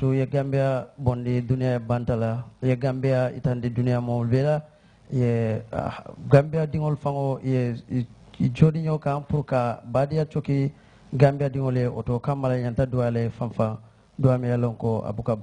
to ye gambia bonde duniya bantala ye gambia itande duniya mawol bela ye ah, gambia dingol fango ye joɗiño kan pour ka baadiya coki gambia dingol ye oto kammala ñanta duwale fanfan duwami ye lon ko abuka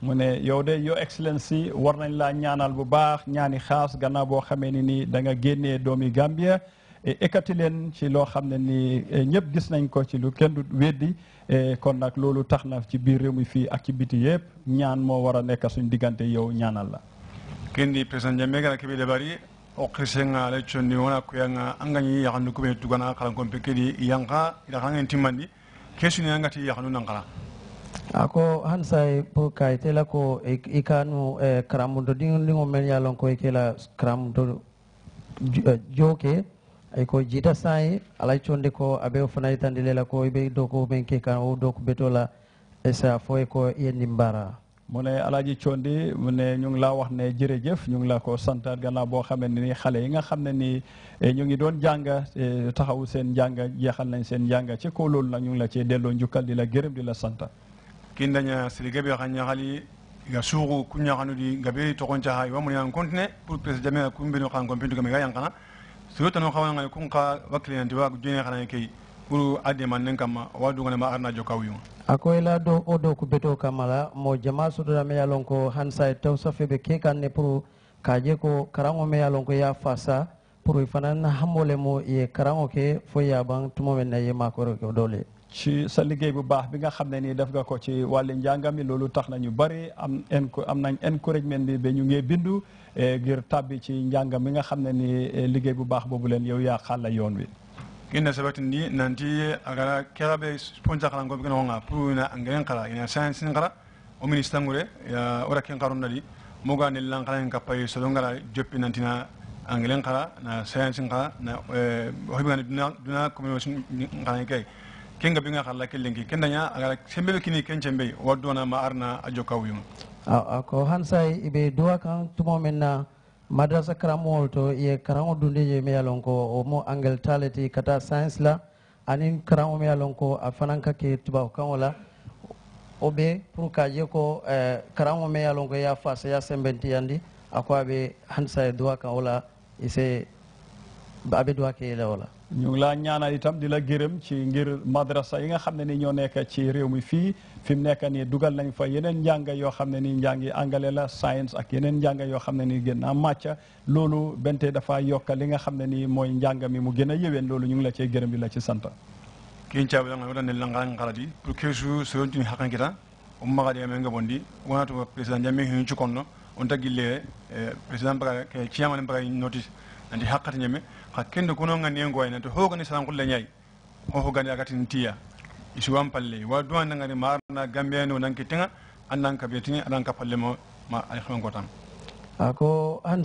mu ne yow de yo excellency war nañ ñaanal bu baax ñaani xaas gannaaw boo xamee ni ni da génnee doomi gambia ekati leen ci loo xam ne ni e, ñëpp gis nañ ko ci lu kenn du weddi e, kon nak loolu tax na ci biir réew mi fii ak ci biti yëpp ñaan moo war a nekk suñ diggante yow ñaanal la kenn di président jambe gana kebe debari o nga kirsenga le chondi wona kuyanga angani yakandu kube tugana kalan kompe kedi yanka ilakangen timmandi kesuni angati yakandu nankala ako hansay po ka itela ko e, ikanu eh, karamundo dingo dingo men yalon ko ikela karamundo joke aiko ko jita sayi alay conde ko aɓe fanayitande lela ko ibe doko men ke kan o doko betola esa foye ko yenni mbara mu ne alaaji condi mu ne ñu ngi laa wax ne jërëjëf ñu ngi la ko santa gana boo xamee ne ni xale yi nga xam ne nii ñu e ngi doon jànga e taxawu seen jànga jeexal nañ seen njàng ci ko loolu nag ñu ngi la cee delloo njukkal di la gërëm di la santa kindaña sili gabe xa ñaxali ga suuxu ku ñaxanu di gabe toxon caxa wa mu ne yan continuer pour que jamea ku mbinu xan compintu gamega yanqana suyotano xawaŋani kun xa wa kilinantiwa jone xanani kei pour a demannen kama wa ma arna joka a ako ila do o do ku beto kamala mo jama do me ko lon ko hansa e safi be ke kan ne pour ka ko karango me yalon ko ya fasa pour i fana na xamoo le ye karango ke fo yaban tumo men na ye makoro ke dole ci sa liggéey bu baax bi nga xamne ni def nga ko ci walé njangami loolu tax ñu bari am am nañ encouragement bi ñu ngey bindu eh, ngir tabbi ci njangami nga xamne ni nii eh, bu baax bobu len yow ya xala yoon wi ina ni nanti agara kerabe sponsor kala ngom gëna nga pour na angelen kala ina science ngara o ministre ngure ya ora ken karonna di moga ne lan kala en kapaye solongala joppi nantina anglais kara na science nka na e, hoybigani duna duna communication nkara ke kenga binga khalla ke lengi kenda nya agara sembe be kini ken chembe wadona ma arna ajo kawiyum ko hansay ibe duwa kan tumo na madrasa karamol to ye karamo dunde je me yalon ko o mo angle talati kata science la anin karamo me yalon ko a ka ke tuba kan wala o pour ka je ko e, karamo me yalon ko ya fasa ya sembenti yandi akwa be hansa duwa kaula wala ise abe duwa ke lawla la ngi laa ñaanal itam di la gërëm ci ngir madrasa yi nga xam ne ni ñoo nekk ci réew mi fii fi mu nekk nii dugal nañ fa yeneen njàng yoo xam ne ni njàngi angale la science ak yeneen njàng yoo xam ne nii gën naa màcc loolu bente dafa yokk yi nga xam ne nii mooy njàng mi mu gën a yëween loolu ñu ngi la cee gërëm di la ci sant kincaɓe ɗan waɗande langan galadi pour kesu soyontumi hakkakita o magadi amen gabondi wonata président jami hen cukonno onta gille eh, president baga ke chairman baga notice andi hakkata nyame hakkende kono ngani en goyna to hoga ni salam kulla nyai ho ho gani akati isu isuwan palle wa duwan ngani marna gambe no nanki tinga annan ka betini anan ka palle mo ma ay xon ko tan ako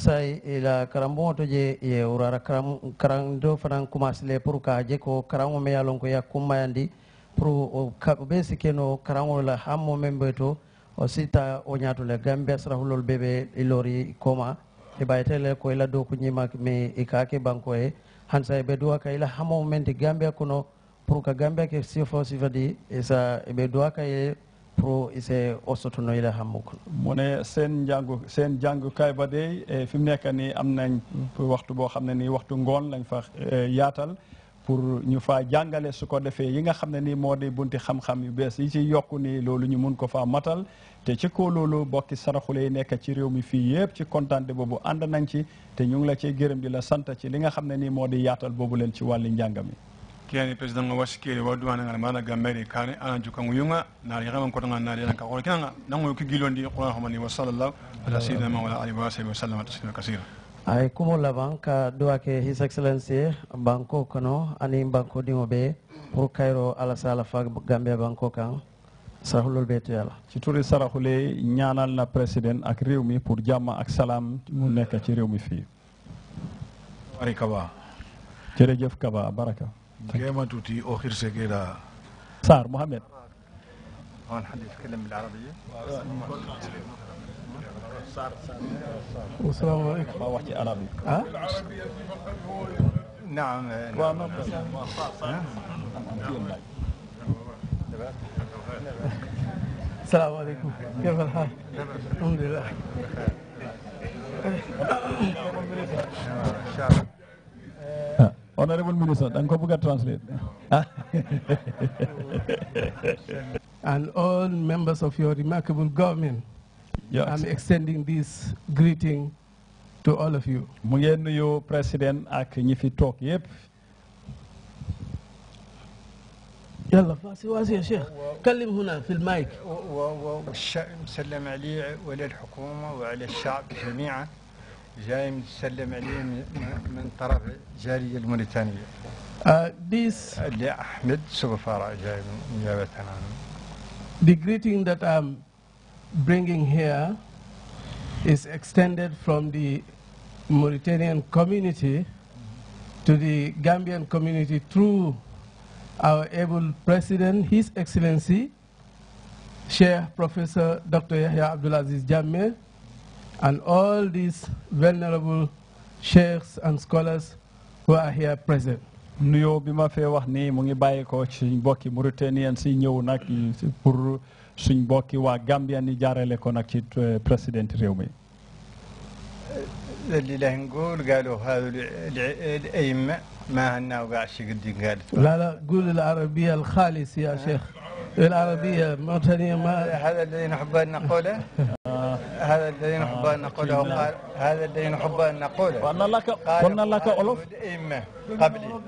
sai ila karambo to je ye urara karam karang do fanan kumasle pour ka je ko karango me yalon ko yakuma yandi pour ka be sikeno la hammo membe to o sita o ñatule gambe asrahulol bebe ilori koma e baytele ko ila dow kuñima mi e kake banko e han sa ɓe duwa ka ila hamo mente pour que gambia ke sifo sifadi e sa ɓe duwa ka e pour ise o sotono mone sen jàngu sen jàngu e fi mu nekk ni am nañ mm. waxtu boo xam ne ni waxtu ngoon lañ fa e, yaatal pour ñu faa jàngale su ko defee yi nga xam ne ni moo di bunti xam-xam yu bees yi ci yokku ni loolu ñu mun ko fa matal te ci ko loolu bokki saraxule yi nekk ci réew mi fii yëpp ci kontante boobu ànd nañ ci te ñu ngi la cee gërëm di la sant ci li nga xam ne ni moo di yaatal boobu leen ci wàlli njàng mi kiyani président nga wasikiri wa duwana ngana mana gamberi kane ana juka nguyunga na ri gama kota ngana ri ka kore kinanga nangu kigilondi qur'an hamani wa sallallahu ala sayyidina wa ala alihi ay kumolla banka duwake his excellency banko kono ani banko dingo be pour kayro ala fa gambia banko kan sarahulol be to yala ci turi sarahule ñaanal na ak réew mi pour jàmm ak salaam mu nekk ci réew mi fii ari والسلام عليكم ما وحدي عربي ها نعم السلام عليكم كيف الحال الحمد لله Honorable Minister, and translate. and all members of your remarkable government. Yes. I'm extending this greeting to all of you. mu ngeen nuyu président ak ñi fi toog yépp. يلا فاسي واسي يا شيخ كلم هنا في المايك وسلم عليه وعلى الحكومة وعلى الشعب جميعا جاي متسلم عليه من طرف جالية الموريتانية This اللي أحمد سوفارا جاي من جابتنا The greeting that I'm bringing here is extended from the Mauritanian community to the Gambian community through our able president, His Excellency, Sheikh Professor Dr. Yahya Abdulaziz Jammeh, and all these venerable sheikhs and scholars who are here present. nuyo bima fe wax ni mu ngi bàyyi ko suñ mbokki mauritanien si ñëw nak pour suñ mbokki wa gambian ni jarale ko nak ci eh, président réew mi لله نقول قالوا هذا الأئمة ما هنا وقع شي قد قالت لا لا قول العربية الخالص يا شيخ العربية موطنية ما هذا الذي نحب أن نقوله هذا الذي نحب أن نقوله هذا الذي نحب أن نقوله قلنا لك قلنا لك ألوف قبلي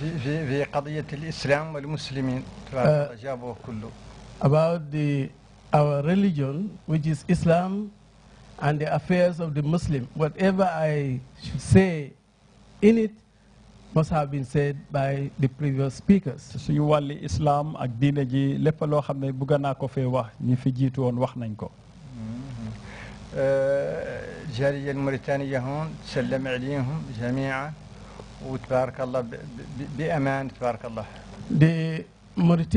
في, في, في قضية الإسلام والمسلمين جابوا كله about the our religion which is Islam and the affairs of the Muslim whatever I should say in it must have been said by the previous speakers suñu wàlli islam ak diine ji lépp loo xam ne bëgg naa ko fee wax ñi fi jiitu woon wax nañ ko الجالية الموريتانية هون سلم عليهم جميعا وتبارك الله بأمان تبارك الله